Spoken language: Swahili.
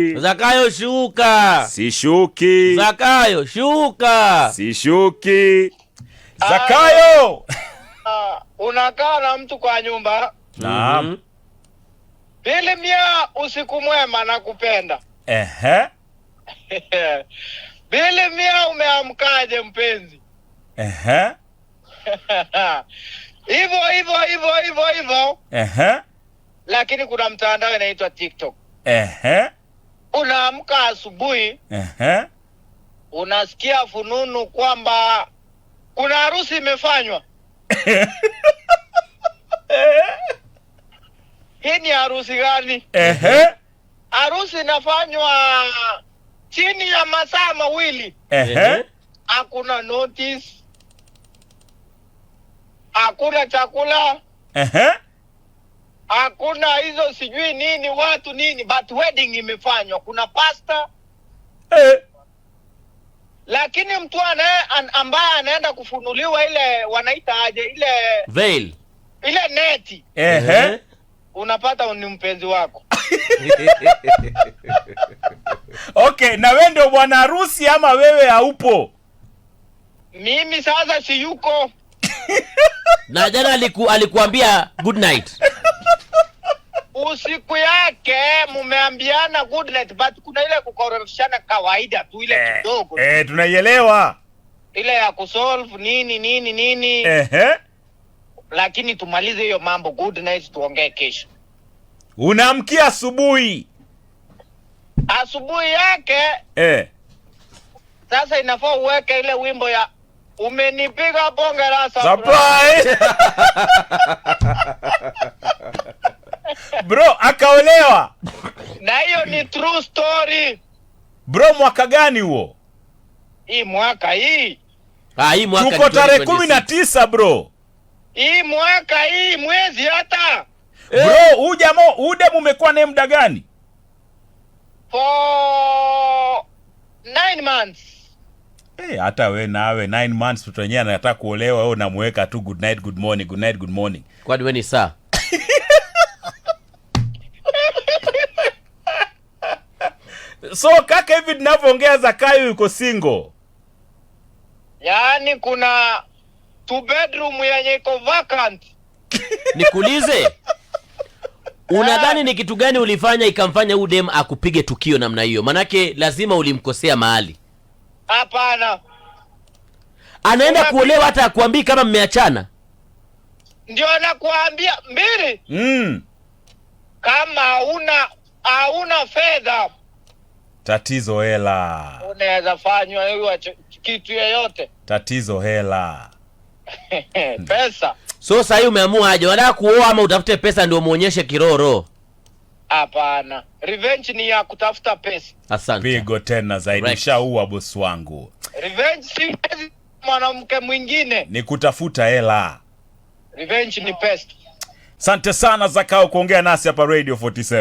Zakayo shuka. Sishuki. Zakayo shuka. Sishuki. Ah. Zakayo. Uh, unakaa na mtu kwa nyumba. Naam. Pili mm-hmm. mia usiku mwema nakupenda. Ehe. Bili mia umeamkaje mpenzi? Ehe. Hivyo hivyo hivyo hivyo hivyo. Ehe. Lakini kuna mtandao inaitwa TikTok. Ehe. Uh -huh unaamka asubuhi uh-huh. unasikia fununu kwamba kuna harusi imefanywa hii ni harusi gani? uh-huh. harusi inafanywa chini ya masaa mawili. uh-huh. hakuna notice, hakuna chakula. uh-huh hakuna hizo sijui nini watu nini, but wedding imefanywa, kuna pasta eh. Lakini mtu anaye ambaye anaenda kufunuliwa ile wanaita aje ile veil ile neti ehe, eh. unapata ni mpenzi wako okay, na wewe ndio bwana harusi ama wewe haupo? Mimi sasa si yuko na jana aliku, alikuambia good night usiku yake mumeambiana good night, but kuna ile kukorofishana kawaida tu ile eh, kidogo eh, tunaielewa ile ya kusolve nini nini nini eh, lakini tumalize hiyo mambo good night, tuongee kesho. Unaamkia asubuhi, asubuhi yake eh, sasa inafaa uweke ile wimbo ya umenipiga bonge la surprise Bro, akaolewa. Na hiyo ni true story. Bro, mwaka gani huo? Hii mwaka hii. Ah, hii mwaka. Tuko tarehe 19 bro. Hii mwaka hii mwezi hata. eh. Bro, huyu jamaa ude mumekuwa naye muda gani? For nine months. Hey, eh, hata we nawe nine months mtu wenyewe anataka kuolewa, wewe unamweka tu good night, good morning, good night, good morning. Kwani wewe ni saa? So kaka, hivi tunavyoongea Zakayo yuko single, yaani kuna two bedroom yenye iko vacant. Nikuulize, unadhani ni kitu gani ulifanya ikamfanya huu dem akupige tukio namna hiyo? Manake lazima ulimkosea mahali. Hapana, anaenda kuolewa, hata akwambii kama mmeachana. Ndio anakuambia mbili. Mm. Kama hauna hauna fedha Tatizo hela. Unaweza fanywa kitu yoyote. Tatizo hela. Pesa. So sasa hii umeamua aje? Unataka kuoa ama utafute pesa ndio muonyeshe kiroro? Hapana. Revenge ni ya kutafuta pesa. Asante. Pigo tena zaidi shaua bosi wangu. Revenge si mwanamke mwingine. Ni kutafuta hela. Revenge ni pesa. Asante sana Zakao kuongea nasi hapa Radio 47.